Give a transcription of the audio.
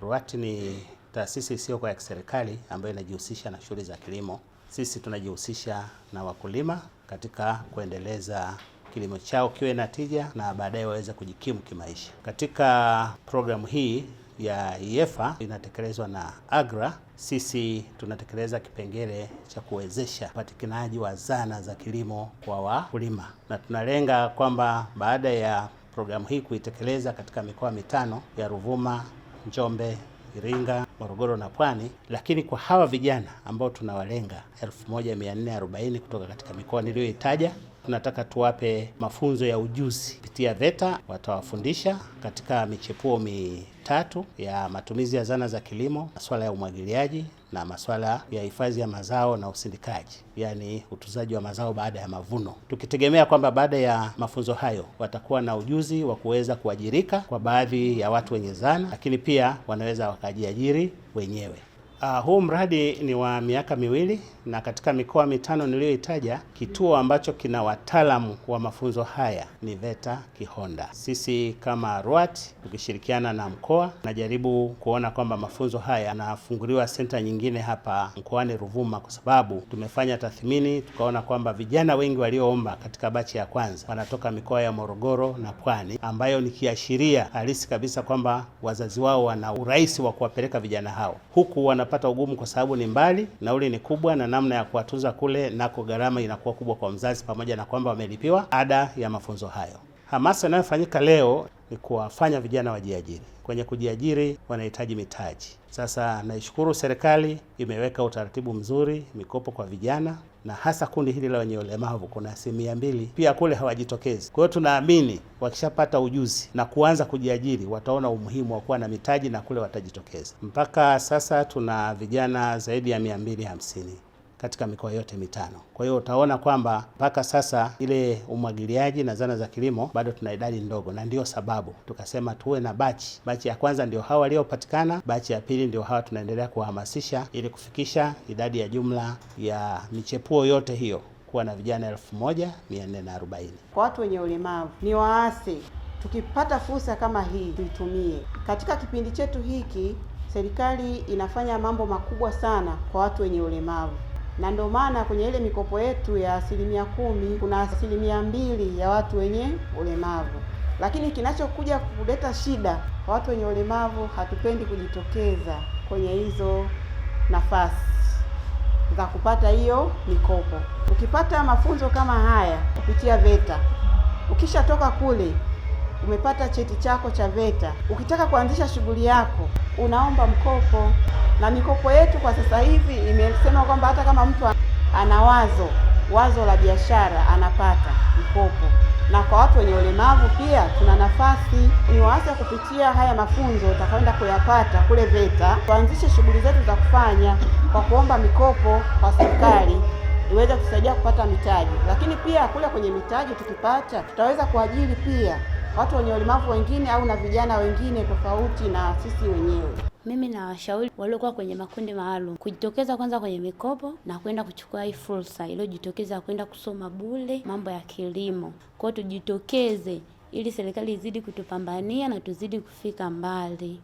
ruati ni taasisi isiyokuwa ya kiserikali ambayo inajihusisha na shughuli za kilimo. Sisi tunajihusisha na wakulima katika kuendeleza kilimo chao kiwe na tija na baadaye waweze kujikimu kimaisha. Katika programu hii ya IEFA inatekelezwa na AGRA. Sisi tunatekeleza kipengele cha kuwezesha upatikanaji wa zana za kilimo kwa wakulima, na tunalenga kwamba baada ya programu hii kuitekeleza katika mikoa mitano ya Ruvuma, Njombe, Iringa, Morogoro na Pwani, lakini kwa hawa vijana ambao tunawalenga 1440 kutoka katika mikoa niliyoitaja tunataka tuwape mafunzo ya ujuzi kupitia VETA. Watawafundisha katika michepuo mitatu ya matumizi ya zana za kilimo, masuala ya umwagiliaji, na masuala ya hifadhi ya mazao na usindikaji, yaani utuzaji wa mazao baada ya mavuno, tukitegemea kwamba baada ya mafunzo hayo watakuwa na ujuzi wa kuweza kuajirika kwa baadhi ya watu wenye zana, lakini pia wanaweza wakajiajiri wenyewe. Uh, huu mradi ni wa miaka miwili na katika mikoa mitano niliyoitaja, kituo ambacho kina wataalamu wa mafunzo haya ni VETA Kihonda. Sisi kama RUAT tukishirikiana na mkoa, najaribu kuona kwamba mafunzo haya yanafunguliwa senta nyingine hapa mkoani Ruvuma, kwa sababu tumefanya tathmini tukaona kwamba vijana wengi walioomba katika bachi ya kwanza wanatoka mikoa ya Morogoro na Pwani, ambayo ni kiashiria halisi kabisa kwamba wazazi wao wana urahisi wa kuwapeleka vijana hao huku wana unapata ugumu kwa sababu ni mbali, nauli ni kubwa, na namna ya kuwatunza kule nako gharama inakuwa kubwa kwa mzazi, pamoja na kwamba wamelipiwa ada ya mafunzo hayo. Hamasa inayofanyika leo ni kuwafanya vijana wajiajiri. Kwenye kujiajiri wanahitaji mitaji. Sasa naishukuru serikali imeweka utaratibu mzuri, mikopo kwa vijana na hasa kundi hili la wenye ulemavu kuna asilimia mbili pia kule hawajitokezi. Kwa hiyo tunaamini wakishapata ujuzi na kuanza kujiajiri wataona umuhimu wa kuwa na mitaji na kule watajitokeza. Mpaka sasa tuna vijana zaidi ya mia mbili hamsini katika mikoa yote mitano. Kwa hiyo utaona kwamba mpaka sasa ile umwagiliaji na zana za kilimo bado tuna idadi ndogo, na ndiyo sababu tukasema tuwe na bachi. Bachi ya kwanza ndio hawa waliopatikana, bachi ya pili ndio hawa tunaendelea kuwahamasisha ili kufikisha idadi ya jumla ya michepuo yote hiyo kuwa na vijana elfu moja mia nne na arobaini. Kwa watu wenye ulemavu ni waasi, tukipata fursa kama hii tuitumie katika kipindi chetu hiki. Serikali inafanya mambo makubwa sana kwa watu wenye ulemavu na ndio maana kwenye ile mikopo yetu ya asilimia kumi kuna asilimia mbili ya watu wenye ulemavu. Lakini kinachokuja kuleta shida kwa watu wenye ulemavu, hatupendi kujitokeza kwenye hizo nafasi za kupata hiyo mikopo. Ukipata mafunzo kama haya kupitia VETA, ukishatoka kule umepata cheti chako cha VETA, ukitaka kuanzisha shughuli yako unaomba mkopo, na mikopo yetu kwa sasa hivi imesema kwamba hata kama mtu ana wazo wazo la biashara anapata mkopo, na kwa watu wenye ulemavu pia tuna nafasi. Ni waasa kupitia haya mafunzo utakwenda kuyapata kule VETA, tuanzishe shughuli zetu za kufanya kwa kuomba mikopo kwa serikali iweze kusaidia kupata mitaji, lakini pia kule kwenye mitaji tukipata tutaweza kuajiri pia watu wenye ulemavu wengine au na vijana wengine tofauti na sisi wenyewe. Mimi nawashauri waliokuwa kwenye makundi maalum kujitokeza kwanza kwenye mikopo na kwenda kuchukua hii fursa iliyojitokeza kwenda kusoma bule mambo ya kilimo. kwao tujitokeze ili serikali izidi kutupambania na tuzidi kufika mbali.